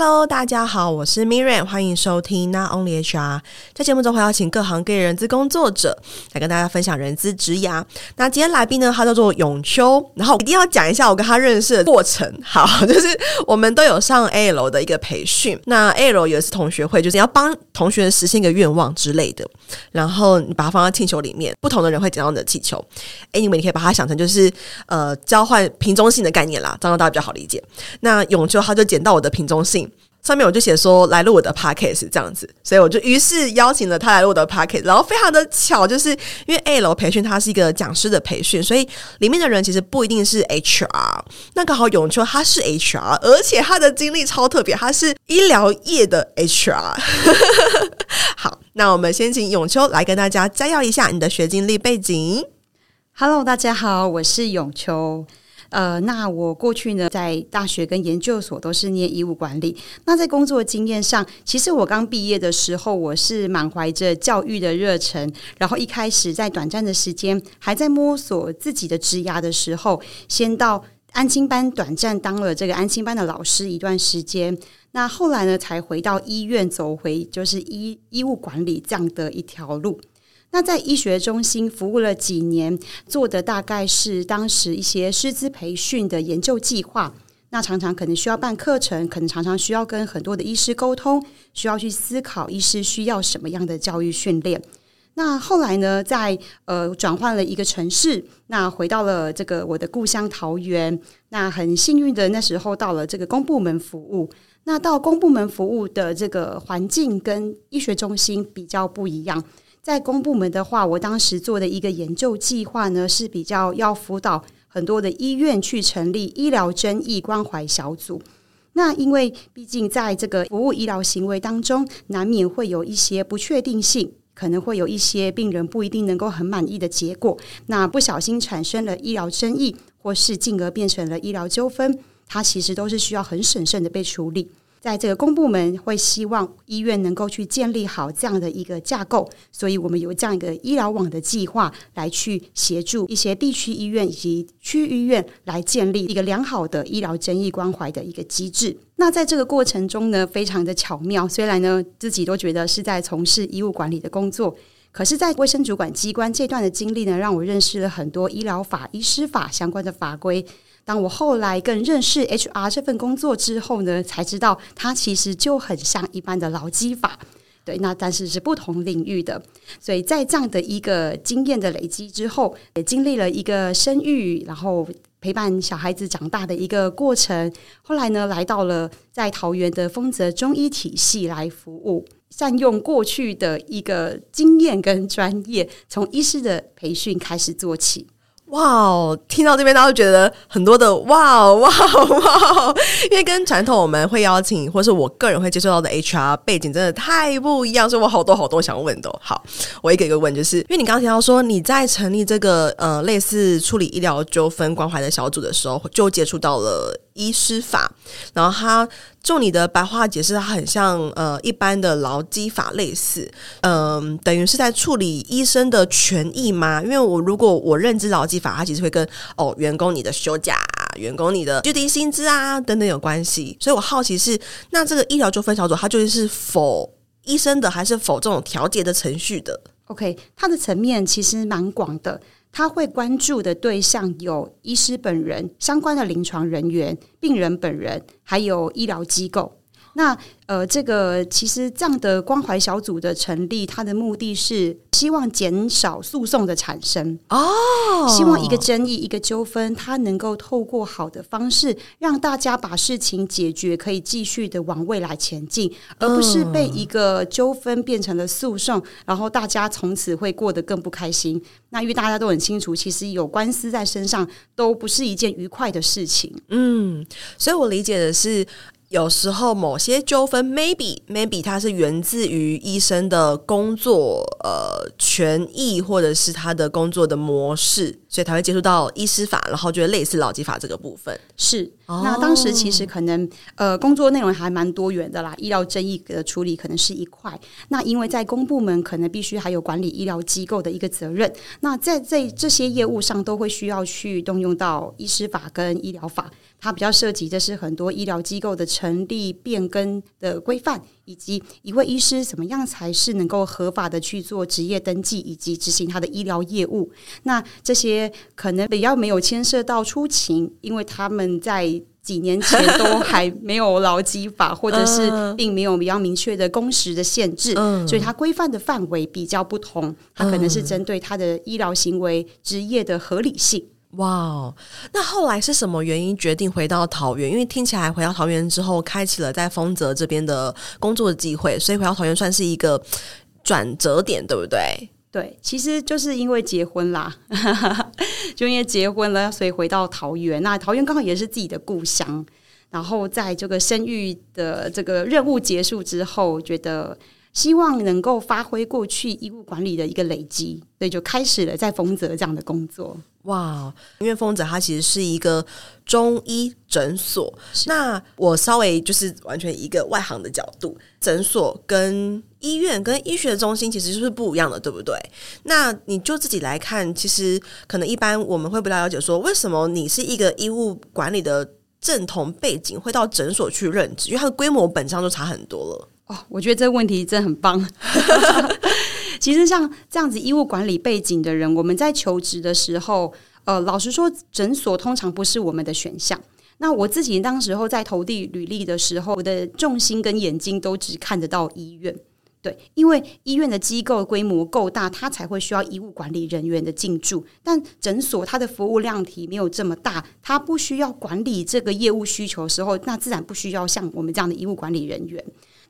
Hello，大家好，我是 Miriam，歡迎收聽《Not Only HR》。在節目中會邀請各行各業人資工作者來跟大家分享人資職涯。那今天來賓呢，他叫做詠秋，然後一定要講一下我跟他認識的過程。好，就是我們都有上 AL 的一個培訓，那 AL 也是同學會，就是你要幫同學實現一個願望之類的。然後你把它放到氣球裡面，不同的人會撿到你的氣球。哎、anyway，你們也可以把它想成就是呃交換瓶中信的概念啦，這樣大家比較好理解。那詠秋他就撿到我的瓶中信。上面我就寫說來錄我的 podcast 這樣子，所以我就於是邀請了他來錄我的 podcast，然後非常的巧，就是因為 A 樓培訓他是一個講師的培訓，所以裡面的人其實不一定是 HR。那剛好詠秋他是 HR，而且他的經歷超特別，他是醫療業的 HR。 好，那我們先請詠秋來跟大家摘要一下你的學經歷背景。Hello，大家好，我是詠秋。呃，那我過去呢，在大學跟研究所都是念醫務管理。那在工作經驗上，其實我剛畢業的時候，我是滿懷着教育的熱忱，然後一開始在短暫的時間還在摸索自己的職涯的時候，先到安親班短暫當了這個安親班的老師一段時間。那後來呢，才回到醫院，走回就是醫醫務管理這樣的一條路。那在醫學中心服務了幾年，做的大概是當時一些師資培訓的研究計劃。那常常可能需要辦課程，可能常常需要跟很多的醫師溝通，需要去思考醫師需要什麼樣的教育訓練。那後來呢，在呃轉換了一個城市，那回到了這個我的故鄉桃園。那很幸運的那時候到了這個公部門服務。那到公部門服務的這個環境跟醫學中心比較不一樣。在公部門的話，我當時做的一個研究計劃呢，是比較要輔導很多的醫院去成立醫療爭議關懷小組。那因為畢竟在這個服務醫療行為當中，難免會有一些不確定性，可能會有一些病人不一定能夠很滿意的結果，那不小心產生了醫療爭議，或是進而變成了醫療糾紛，它其實都是需要很審慎的被處理。在這個公部門會希望醫院能夠去建立好這樣的一個架構，所以我們有這樣一個醫療網的計劃來去協助一些地區醫院以及區域醫院來建立一個良好的醫療爭議關懷的一個機制。那在這個過程中呢，非常的巧妙。雖然呢自己都覺得是在從事醫務管理的工作，可是，在衛生主管機關這段的經歷呢，讓我認識了很多醫療法、醫師法相關的法規。當我後來更認識 HR 這份工作之後呢，才知道它其實就很像一般的勞基法，對，那但是是不同領域的。所以在這樣的一個經驗的累積之後，也經歷了一個生育，然後陪伴小孩子長大的一個過程。後來呢，來到了在桃園的風澤中醫體系來服務，善用過去的一個經驗跟專業，從醫師的培訓開始做起。哇，哦，聽到這邊，大家都覺得很多的哇哦，哇哇，因為跟傳統我們會邀請，或是我個人會接觸到的 HR 背景，真的太不一樣，所以我好多好多想問的。好，我一個一個問，就是因為你剛剛提到說你在成立這個呃類似處理醫療糾紛關懷的小組的時候，就接觸到了。醫師法，然後他做你的白話解釋，它很像呃一般的勞基法類似，嗯、呃，等於是在處理醫生的權益嗎？因為我如果我認知勞基法，它其實會跟哦員工你的休假、員工你的最低薪資啊等等有關係，所以我好奇是那這個醫療糾紛小組，它就是否醫生的，還是否這種調解的程序的？OK，他的層面其實蠻廣的，他會關注的對象有醫師本人、相關的臨床人員、病人本人，還有醫療機構。那呃，這個其實這樣的關懷小組的成立，它的目的是希望減少訴訟的產生哦，oh. 希望一個爭議、一個糾紛，它能夠透過好的方式讓大家把事情解決，可以繼續的往未來前進，而不是被一個糾紛變成了訴訟，oh. 然後大家從此會過得更不開心。那因為大家都很清楚，其實有官司在身上都不是一件愉快的事情。嗯，所以我理解的是。有時候某些糾紛，maybe maybe 它是源自於醫生的工作，呃，權益或者是他的工作的模式。所以才會接觸到醫師法，然後覺得類似勞基法這個部分是、哦。那當時其實可能呃，工作內容還蠻多元的啦，醫療爭議的處理可能是一塊。那因為在公部門，可能必須還有管理醫療機構的一個責任。那在在這些業務上，都會需要去動用到醫師法跟醫療法，它比較涉及的是很多醫療機構的成立、變更的規範。以及一位醫師怎麼樣才是能夠合法的去做執業登記以及執行他的醫療業務？那這些可能比較沒有牽涉到出勤，因為他們在幾年前都還沒有勞基法，或者是並沒有比較明確的工時的限制，所以它規範的範圍比較不同。它可能是針對他的醫療行為執業的合理性。哇、wow，那後來是什麼原因決定回到桃園？因為聽起來回到桃園之後，開啟了在豐澤這邊的工作機會，所以回到桃園算是一個轉折點，對不對？對，其實就是因為結婚啦， 就因為結婚了，所以回到桃園。那桃園剛好也是自己的故鄉，然後在這個生育的這個任務結束之後，覺得。希望能夠發揮過去醫務管理的一個累積，所以就開始了在風澤這樣的工作。哇，因為風澤它其實是一個中醫診所。那我稍微就是完全一個外行的角度，診所跟醫院跟醫學中心其實就是不一樣的，對不對？那你就自己來看，其實可能一般我們會不太了解，說為什麼你是一個醫務管理的正統背景會到診所去任職，因為它的規模本身就差很多了。哦，我覺得這個問題真很棒。 其實像這樣子醫務管理背景的人，我們在求職的時候，呃，老實說，診所通常不是我們的選項。那我自己當時候在投遞履歷的時候，我的重心跟眼睛都只看得到醫院，對，因為醫院的機構規模夠大，它才會需要醫務管理人員的進駐。但診所它的服務量體沒有這麼大，它不需要管理這個業務需求的時候，那自然不需要像我們這樣的醫務管理人員。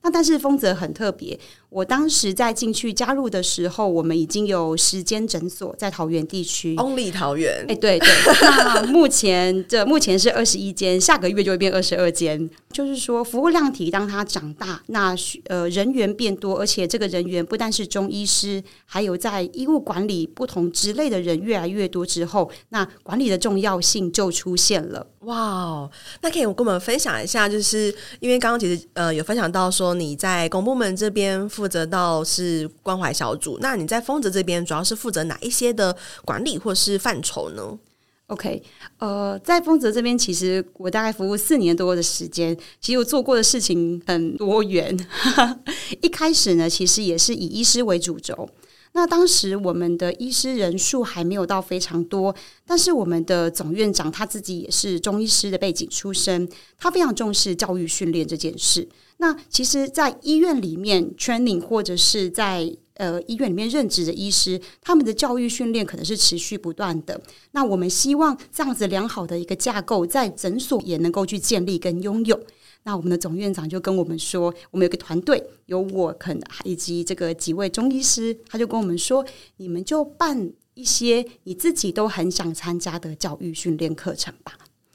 那但是風澤很特別，我當時在進去加入的時候，我們已經有十間診所在桃園地區，Only 桃園。哎，對對， 那目前這目前是二十一間，下個月就會變二十二間。就是說，服務量體當它長大，那呃人員變多，而且這個人員不但是中醫師，還有在醫務管理不同職類的人越來越多之後，那管理的重要性就出現了。哇、wow，那可以我跟我們分享一下，就是因為剛剛其實呃有分享到說你在公部門這邊負責到是關懷小組，那你在風澤這邊主要是負責哪一些的管理或是範疇呢？OK，呃，在風澤這邊，其實我大概服務四年多的時間，其實我做過的事情很多元。 一開始呢，其實也是以醫師為主軸。那當時我們的醫師人數還沒有到非常多，但是我們的總院長他自己也是中醫師的背景出身，他非常重視教育訓練這件事。那其實，在醫院裡面 training 或者是在呃醫院裡面任職的醫師，他們的教育訓練可能是持續不斷的。那我們希望這樣子良好的一個架構，在診所也能夠去建立跟擁有。那我們的總院長就跟我們說，我們有個團隊，有我跟以及這個幾位中醫師，他就跟我們說，你們就辦一些你自己都很想參加的教育訓練課程吧。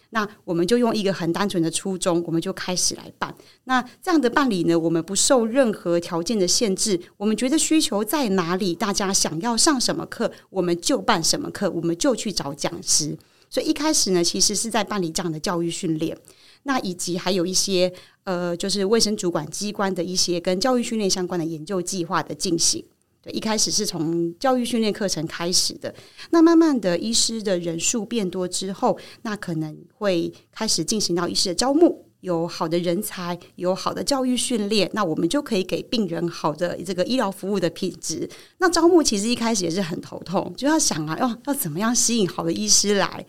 那我們就用一個很單純的初衷，我們就開始來辦。那這樣的辦理呢，我們不受任何條件的限制，我們覺得需求在哪裡，大家想要上什麼課，我們就辦什麼課，我們就去找講師。所以一開始呢，其實是在辦理這樣的教育訓練，那以及還有一些呃，就是衛生主管機關的一些跟教育訓練相關的研究計劃的進行。對，一開始是從教育訓練課程開始的。那慢慢的，醫師的人數變多之後，那可能會開始進行到醫師的招募。有好的人才，有好的教育訓練，那我們就可以給病人好的這個醫療服務的品質。那招募其實一開始也是很頭痛，就要想啊，要、哦、要怎麼樣吸引好的醫師來。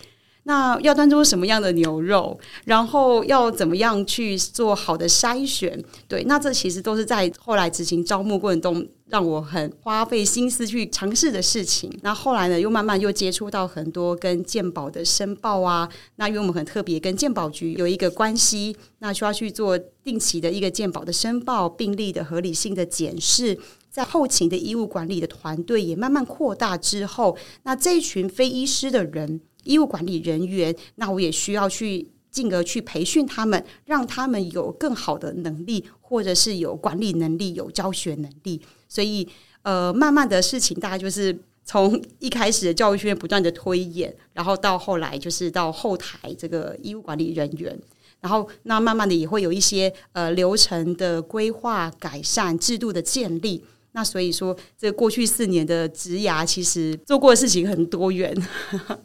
那要端出什麼樣的牛肉？然後要怎麼樣去做好的篩選？對，那這其實都是在後來執行招募過程中讓我很花費心思去嘗試的事情。那後來呢，又慢慢又接觸到很多跟健保的申報啊，那因為我們很特別跟健保局有一個關係，那需要去做定期的一個健保的申報病例的合理性的檢視，在後勤的醫務管理的團隊也慢慢擴大之後，那這一群非醫師的人。醫務管理人員，那我也需要去進而去培訓他們，讓他們有更好的能力，或者是有管理能力、有教學能力。所以，呃，慢慢的事情，大概就是從一開始的教育學院，不斷的推演，然後到後來就是到後台這個醫務管理人員，然後那慢慢的也會有一些呃流程的規劃、改善、制度的建立。那所以說，這過去四年的職涯其實做過的事情很多元，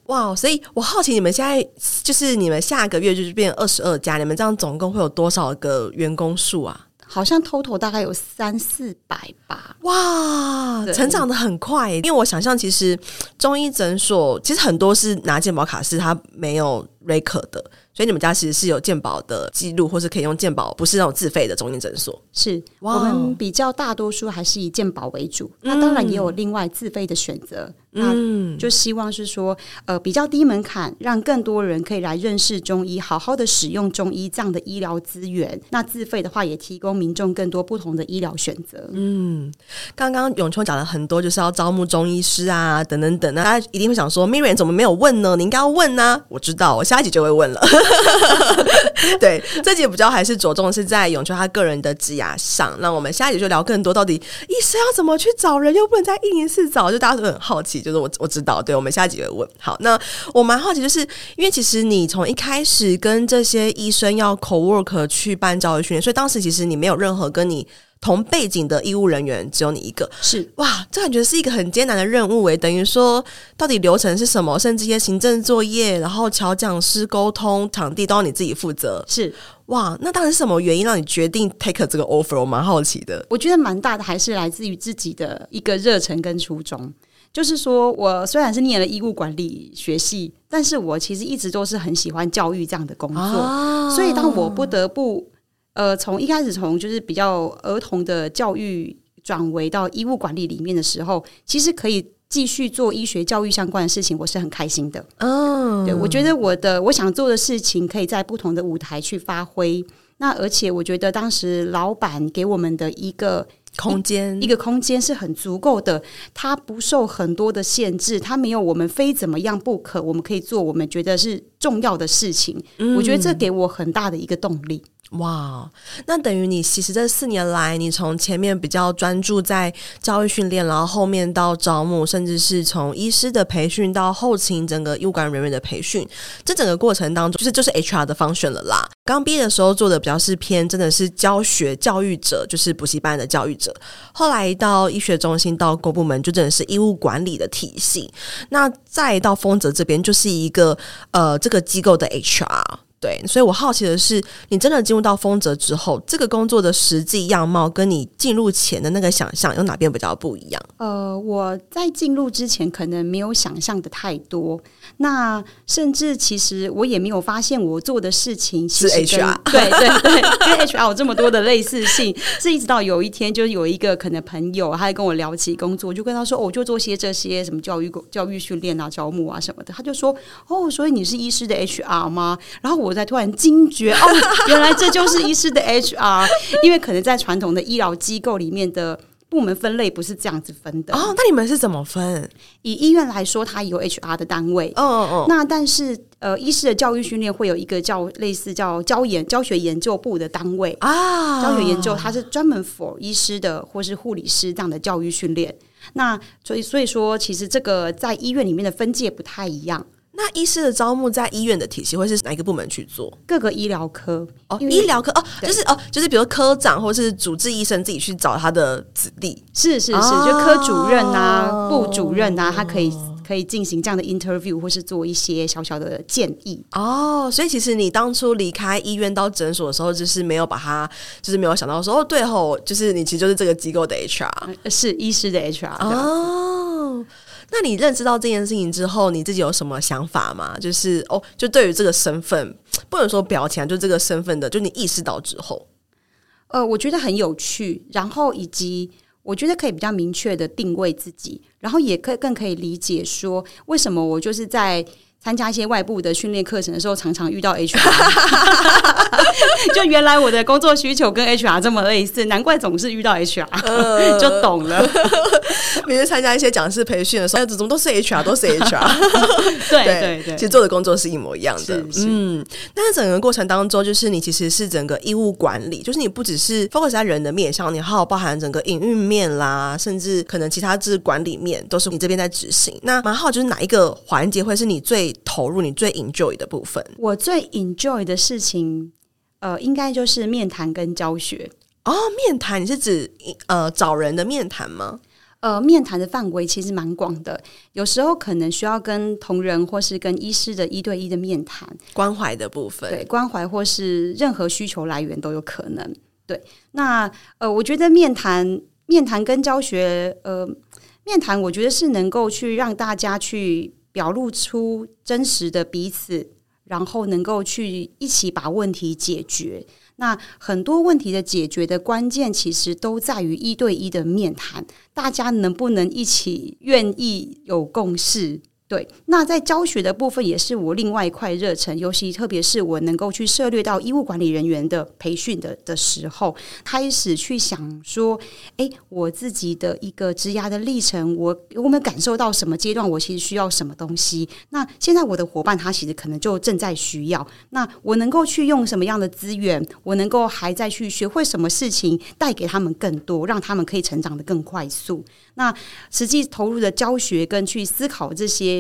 哇！所以我好奇，你們現在就是你們下個月就是變二十二家，你們這樣總共會有多少個員工數啊？好像 total 大概有三四百吧，哇！成長得很快，因為我想象其實中醫診所其實很多是拿健保卡，是他沒有。瑞可的，所以你們家其實是有健保的記錄，或是可以用健保，不是那種自費的中醫診所。是、wow、我們比較大多數還是以健保為主，嗯，那當然也有另外自費的選擇，嗯。那就希望是說，呃，比較低門檻，讓更多人可以來認識中醫，好好的使用中醫這樣的醫療資源。那自費的話，也提供民眾更多不同的醫療選擇。嗯，剛剛詠秋講了很多，就是要招募中醫師啊，等等等，等。那大家一定會想說 Miriam 怎麼沒有問呢？你應該要問啊！我知道我。下一集就會問了 對，這集比較還是着重的是在詠秋他個人的職涯上，那我們下一集就聊更多，到底醫生要怎麼去找人，又不能在104找，就大家都很好奇，就是我我知道，對，我們下一集就會問。好，那我蠻好奇，就是因為其實你從一開始跟這些醫生要 co work 去辦教育訓練，所以當時其實你沒有任何跟你。同背景的醫務人員只有你一個，是哇，這感覺是一個很艱難的任務誒、欸。等於說，到底流程是什麼？甚至一些行政作業，然後橋講師溝通場地，都要你自己負責，是哇。那當然是什麼原因讓你決定 take 這個 offer？我蠻好奇的。我覺得蠻大的還是來自於自己的一個熱忱跟初衷，就是說我雖然是念了醫務管理學系，但是我其實一直都是很喜歡教育這樣的工作，啊、所以當我不得不。呃，從一開始從就是比較兒童的教育轉為到醫務管理裡面的時候，其實可以繼續做醫學教育相關的事情，我是很開心的。哦、oh.，對，我覺得我的我想做的事情可以在不同的舞台去發揮。那而且我覺得當時老闆給我們的一個空間，一個空間是很足夠的，它不受很多的限制，它沒有我們非怎麼樣不可，我們可以做我們覺得是重要的事情。嗯、我覺得這給我很大的一個動力。哇，那等於你其實這四年來，你從前面比較專注在教育訓練，然後後面到招募，甚至是從醫師的培訓到後勤整個醫務官人員的培訓，這整個過程當中，就是，就是就是 HR 的 function 了啦。剛畢業的時候做的比較是偏真的是教學教育者，就是補習班的教育者，後來到醫學中心到各部門就真的是醫務管理的體系，那再到風澤這邊就是一個呃這個機構的 HR。對，所以我好奇的是，你真的進入到風澤之後，這個工作的實際樣貌跟你進入前的那個想象有哪邊比較不一樣？呃，我在進入之前可能沒有想象的太多。那甚至其實我也沒有發現我做的事情是 HR，對對對，因 為 HR 有這麼多的類似性， 是一直到有一天就是有一個可能朋友，他在跟我聊起工作，我就跟他說，我、哦、就做些這些什麼教育教育訓練啊、招募啊什麼的，他就說，哦，所以你是醫師的 HR 嗎？然後我才突然驚覺，哦，原來這就是醫師的 HR， 因為可能在傳統的醫療機構裡面的。部門分類不是這樣子分的哦、oh,，那你們是怎麼分？以醫院來說，它有 HR 的單位，哦哦哦，那但是呃，醫師的教育訓練會有一個叫類似叫教研教學研究部的單位啊，oh. 教學研究它是專門 for 醫師的或是護理師這樣的教育訓練。那所以所以說，其實這個在醫院裡面的分界不太一樣。那醫師的招募在醫院的體系會是哪一個部門去做？各個醫療科哦，醫療科醫哦，就是哦，就是比如科長或是主治醫生自己去找他的子弟，是是是，哦、就科主任吶、啊、部、哦、主任吶、啊，他可以可以進行這樣的 interview 或是做一些小小的建議哦。所以其實你當初離開醫院到診所的時候，就是沒有把他，就是沒有想到說哦，對吼、哦，就是你其實就是這個機構的 HR，是醫師的 HR。哦。對啊那你認識到這件事情之後，你自己有什麼想法嗎？就是哦，就對於這個身份，不能說表情，就這個身份的，就你意識到之後，呃，我覺得很有趣，然後以及我覺得可以比較明確的定位自己，然後也可以更可以理解說為什麼我就是在。參加一些外部的訓練課程的時候，常常遇到 HR， 就原來我的工作需求跟 HR 這麼類似，難怪總是遇到 HR，、呃、 就懂了。每天參加一些講師培訓的時候，這、哎、種都是 HR，都是 HR， 對，對對對，其實做的工作是一模一樣的。是是嗯，那整個過程當中，就是你其實是整個醫務管理，就是你不只是 focus 在人的面向，像你好，好包含整個營運面啦，甚至可能其他制管理面都是你這邊在執行。那蠻好，好，就是哪一個環節會是你最投入你最 enjoy 的部分，我最 enjoy 的事情，呃，應該就是面談跟教學。哦，面談你是指呃找人的面談嗎？呃，面談的範圍其實蠻廣的，有時候可能需要跟同仁或是跟醫師的一對一的面談，關懷的部分，對，關懷或是任何需求來源都有可能。對，那呃，我覺得面談，面談跟教學，呃，面談我覺得是能夠去讓大家去。表露出真實的彼此，然後能夠去一起把問題解決。那很多問題的解決的關鍵，其實都在於一對一的面談。大家能不能一起願意有共識？對，那在教學的部分也是我另外一塊熱忱，尤其特別是我能夠去涉獵到醫務管理人員的培訓的的時候，開始去想說，哎，我自己的一個職涯的歷程，我有沒有感受到什麼階段，我其實需要什麼東西？那現在我的夥伴他其實可能就正在需要，那我能夠去用什麼樣的資源？我能夠還在去學會什麼事情，帶給他們更多，讓他們可以成長得更快速？那實際投入的教學跟去思考這些，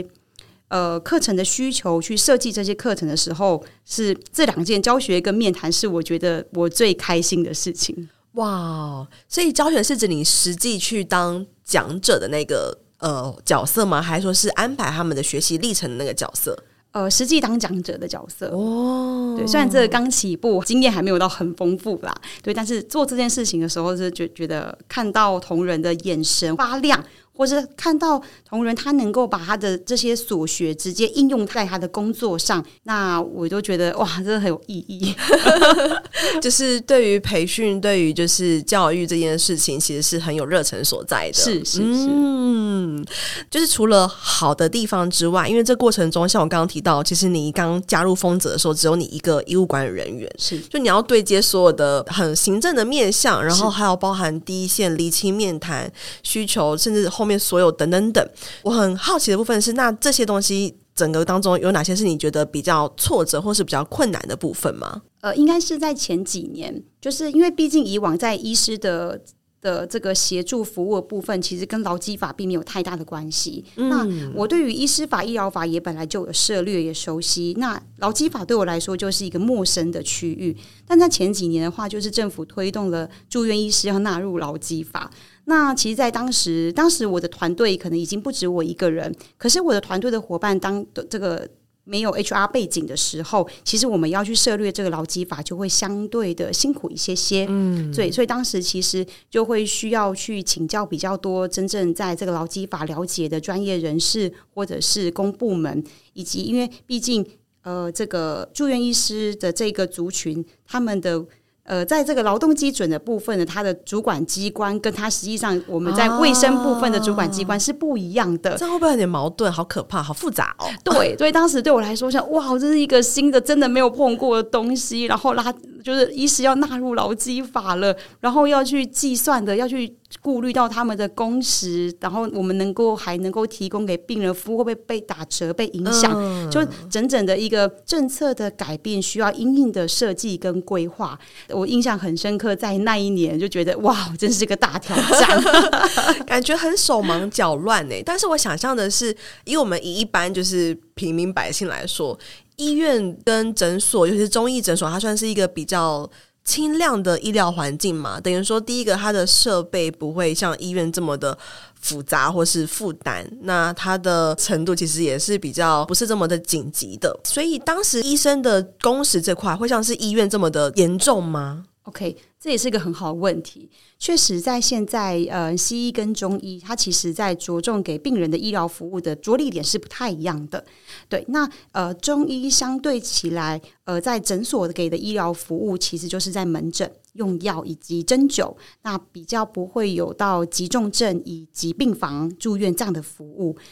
呃，課程的需求去設計這些課程的時候，是這兩件教學跟面談是我覺得我最開心的事情。哇，wow，所以教學是指你實際去當講者的那個呃角色嗎？還是說是安排他們的學習歷程的那個角色？呃，實際當講者的角色。哦，oh，對，雖然這個剛起步，經驗還沒有到很豐富啦，對，但是做這件事情的時候是覺覺得看到同仁的眼神發亮。或者看到同仁他能夠把他的這些所學直接應用在他的工作上，那我都覺得哇，真的很有意義。 就是對於培訓，對於就是教育這件事情，其實是很有熱忱所在的。是是是，嗯，就是除了好的地方之外，因為這過程中，像我剛剛提到，其實你剛加入風澤的時候，只有你一個醫務管理人員，是，就你要對接所有的很行政的面向，然後還要包含第一線釐清面談需求，甚至後面。面所有等等等，我很好奇的部分是，那這些東西整個當中有哪些是你覺得比較挫折或是比較困難的部分嗎？呃，應該是在前幾年，就是因為畢竟以往在醫師的。的這個協助服務的部分，其實跟勞基法並沒有太大的關係。嗯。那我對於醫師法、醫療法也本來就有涉略，也熟悉。那勞基法對我來說就是一個陌生的區域。但在前幾年的話，就是政府推動了住院醫師要納入勞基法。那其實，在當時，當時我的團隊可能已經不止我一個人，可是我的團隊的夥伴當的這個。沒有 HR 背景的時候，其實我們要去涉獵這個勞基法就會相對的辛苦一些些。嗯，所以，所以當時其實就會需要去請教比較多真正在這個勞基法了解的專業人士，或者是公部門，以及因為畢竟呃這個住院醫師的這個族群，他們的。呃，在這個勞動基準的部分呢，它的主管機關跟它實際上我們在衛生部分的主管機關是不一樣的，啊，這會不會有點矛盾？好可怕，好複雜哦。對，所以當時對我來說像，像哇，這是一個新的，真的沒有碰過的東西，然後拉。就是醫師要納入勞基法了，然後要去計算的，要去顧慮到他們的工時，然後我們能夠還能夠提供給病人服務會不會被打折、被影響、嗯，就整整的一個政策的改變需要因應的設計跟規劃。我印象很深刻，在那一年就覺得哇，真是個大挑戰， 感覺很手忙腳亂呢、欸。但是我想象的是，以我們以一般就是平民百姓來說。醫院跟診所，尤其是中醫診所，它算是一個比較輕量的醫療環境嘛。等於說，第一個，它的設備不會像醫院這麼的複雜或是負擔。那它的程度其實也是比較不是這麼的緊急的。所以，當時醫生的工時這塊會像是醫院這麼的嚴重嗎？OK，這也是一個很好的問題。確實，在現在，呃，西醫跟中醫，它其實在着重給病人的醫療服務的着力點是不太一樣的。對，那呃，中醫相對起來，呃，在診所給的醫療服務，其實就是在門診。用藥以及針灸，那比較不會有到急重症以及病房住院這樣的服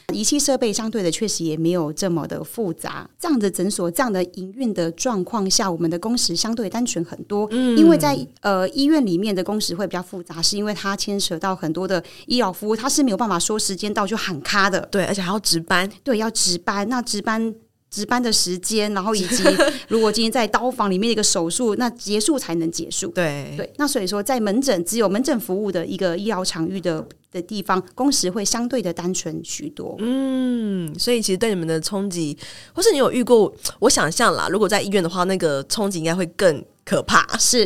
務。儀器設備相對的，確實也沒有這麼的複雜。這樣的診所，這樣的營運的狀況下，我們的工時相對單純很多。嗯，因為在呃醫院裡面的工時會比較複雜，是因為它牽扯到很多的醫療服務，它是沒有辦法說時間到就喊卡的。對，而且還要值班，對，要值班。那值班，值班的時間，然後以及如果今天在刀房裡面的一個手術， 那結束才能結束。對對，那所以說在門診只有門診服務的一個醫療場域的。的地方，工時會相對的單純許多。嗯，所以其實對你們的衝擊，或是你有遇過？我想象啦，如果在醫院的話，那個衝擊應該會更可怕。是，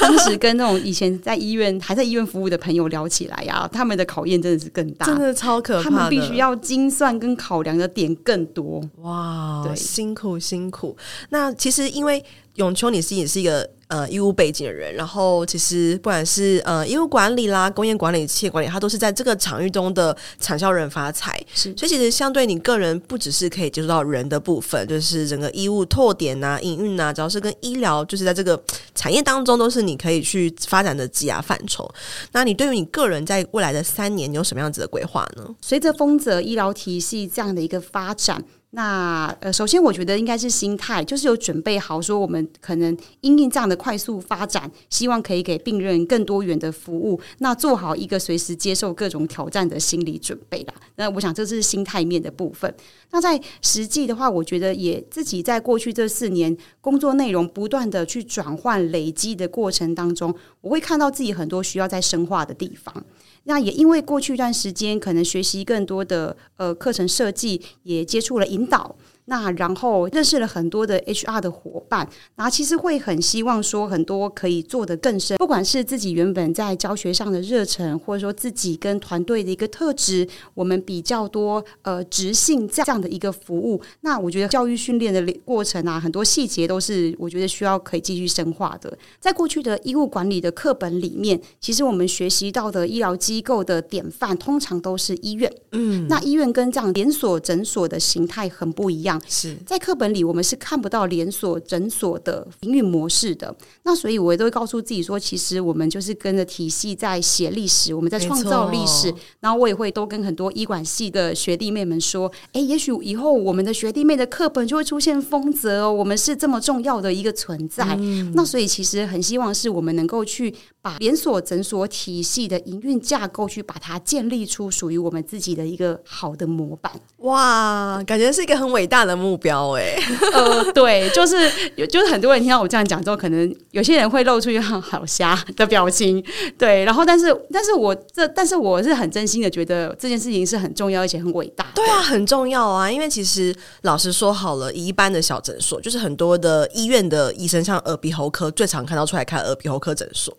當時跟那種以前在醫院 還在醫院服務的朋友聊起來呀、啊，他們的考驗真的是更大，真的超可怕。他們必須要精算跟考量的點更多。哇，對，辛苦辛苦。那其實因為。永秋，你是也是一個呃醫務背景的人，然後其實不管是呃醫務管理啦、工業管理、企業管理，它都是在這個場域中的產銷人發財。是，所以其實相對你個人，不只是可以接觸到人的部分，就是整個醫務拓點吶、啊、營運吶，只要是跟醫療，就是在這個產業當中，都是你可以去發展的擠壓範疇。那你對於你個人在未來的三年，你有什麼樣子的規劃呢？隨着風澤醫療體系這樣的一個發展。那呃，首先我覺得應該是心態，就是有準備好說我們可能因應這樣的快速發展，希望可以給病人更多元的服務，那做好一個隨時接受各種挑戰的心理準備啦。那我想這是心態面的部分。那在實際的話，我覺得也自己在過去這四年工作內容不斷地去轉換累積的過程當中，我會看到自己很多需要再深化的地方。那也因為過去一段時間，可能學習更多的呃課程設計，也接觸了引導。那然後認識了很多的 HR 的夥伴，那，啊，其實會很希望說，很多可以做得更深，不管是自己原本在教學上的熱忱，或者說自己跟團隊的一個特質，我們比較多呃執行這樣的一個服務。那我覺得教育訓練的過程啊，很多細節都是我覺得需要可以繼續深化的。在過去的醫務管理的課本裡面，其實我們學習到的醫療機構的典範，通常都是醫院。嗯，那醫院跟這樣連鎖診所的形態很不一樣。是在課本裡，我們是看不到連鎖診所的營運模式的。那所以，我也都會告訴自己說，其實我們就是跟着體系在寫歷史，我們在創造歷史、哦。然後，我也會都跟很多醫管系的學弟妹們說，哎、欸，也許以後我們的學弟妹的課本就會出現風澤、哦，我們是這麼重要的一個存在。嗯、那所以，其實很希望是我們能夠去把連鎖診所體系的營運架構去把它建立出屬於我們自己的一個好的模板。哇，感覺是一個很偉大的。的目標哎、欸， 呃，對，就是有，就是很多人聽到我這樣講之後，可能有些人會露出一個好瞎的表情，對，然後，但是，但是我，我這，但是我是很真心的，覺得這件事情是很重要，而且很偉大對，對啊，很重要啊，因為其實老實說，好了一般的小診所，就是很多的醫院的醫生，像耳鼻喉科最常看到出來看耳鼻喉科診所，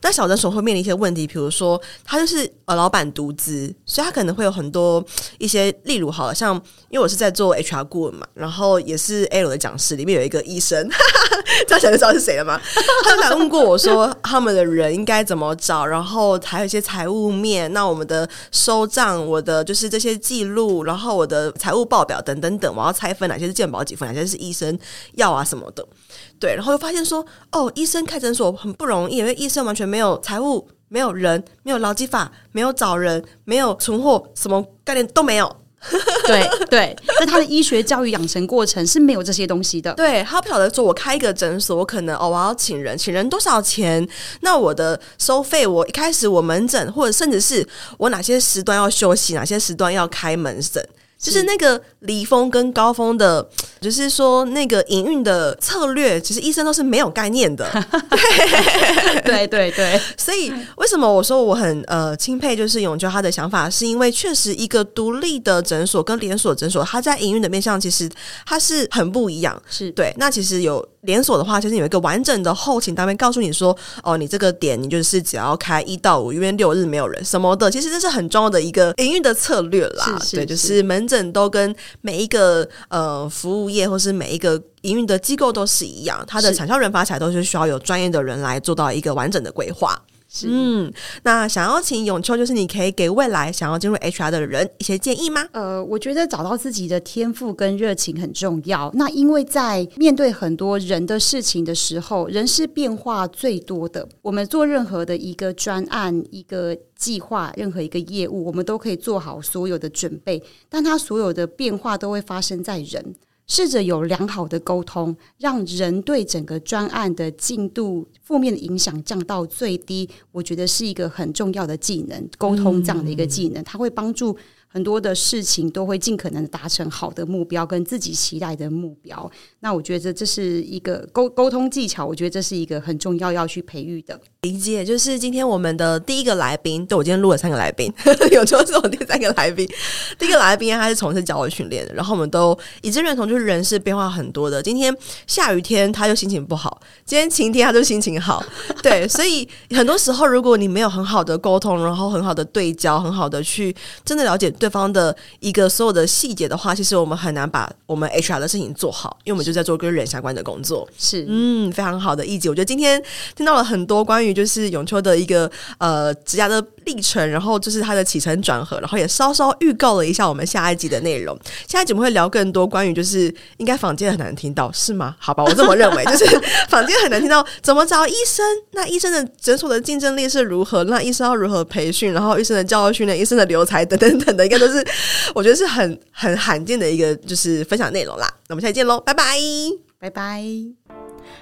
但小診所會面臨一些問題，比如說，他就是呃老板獨資，所以他可能會有很多一些，例如好，好像因為我是在做 HR。問嘛，然後也是 L 的講師，裡面有一個醫生，哈哈，這樣想就知道是誰了嗎？他通問過我說，他們的人應該怎麼找？然後還有一些財務面，那我們的收賬，我的就是這些記錄，然後我的財務報表等等等，我要拆分哪些是健保幾分，哪些是醫生藥啊什麼的，對，然後又發現說，哦，醫生開診所很不容易，因為醫生完全沒有財務，沒有人，沒有勞基法，沒有找人，沒有存貨，什麼概念都沒有。對 對，那他的醫學教育養成過程是沒有這些東西的。 對他不曉得說，我開一個診所，我可能哦，我要請人，請人多少錢？那我的收費，我一開始我門診，或者甚至是我哪些時段要休息，哪些時段要開門診。就是那個離峰跟高峰的，就是說那個營運的策略，其實醫生都是沒有概念的 。對， 對對對，所以為什麼我說我很呃欽佩，就是詠秋他的想法，是因為確實一個獨立的診所跟連鎖診所，它在營運的面向其實它是很不一樣是。是對，那其實有，連鎖的話，其實有一個完整的後勤單位告訴你說，哦，你這個點，你就是只要開一到五，因為六日沒有人什麼的，其實這是很重要的一個營運的策略啦。是是是。對，就是門診都跟每一個呃服務業或是每一個營運的機構都是一樣，它的產銷人發財都是需要有專業的人來做到一個完整的規劃。嗯，那想要請詠秋，就是你可以給未來想要進入 HR 的人一些建議嗎？呃，我覺得找到自己的天賦跟熱情很重要。那因為在面對很多人的事情的時候，人是變化最多的。我們做任何的一個專案、一個計劃、任何一個業務，我們都可以做好所有的準備，但它所有的變化都會發生在人。試着有良好的溝通，讓人對整個專案的進度負面的影響降到最低，我覺得是一個很重要的技能。溝通這樣的一個技能，它會幫助很多的事情都會盡可能達成好的目標跟自己期待的目標。那我覺得這是一個溝溝通技巧，我覺得這是一個很重要要去培育的。理解，就是今天我們的第一個來賓，對，我今天錄了三個來賓， 有時候是我第三個來賓。第一個來賓他是從事教育訓練的，然後我們都一致認同，就是人是變化很多的。今天下雨天他就心情不好，今天晴天他就心情好。 對，所以很多時候如果你沒有很好的溝通，然後很好的對焦，很好的去真的了解對方的一個所有的細節的話，其實我們很難把我們 HR 的事情做好，因為我們就是。在做跟人相關的工作是嗯，非常好的一集。我覺得今天聽到了很多關於就是永秋的一個呃職涯的歷程，然後就是他的起承轉合，然後也稍稍預告了一下我們下一集的內容。下一集我們會聊更多關於就是應該坊間很難聽到是嗎？好吧，我這麼認為， 就是坊間很難聽到。怎麼找醫生？那醫生的診所的競爭力是如何？那醫生要如何培訓？然後醫生的教育訓練、醫生的留才等、等等等的，應該都、就是我覺得是很很罕見的一個就是分享內容啦。那我們下期見嘍，拜拜，拜拜。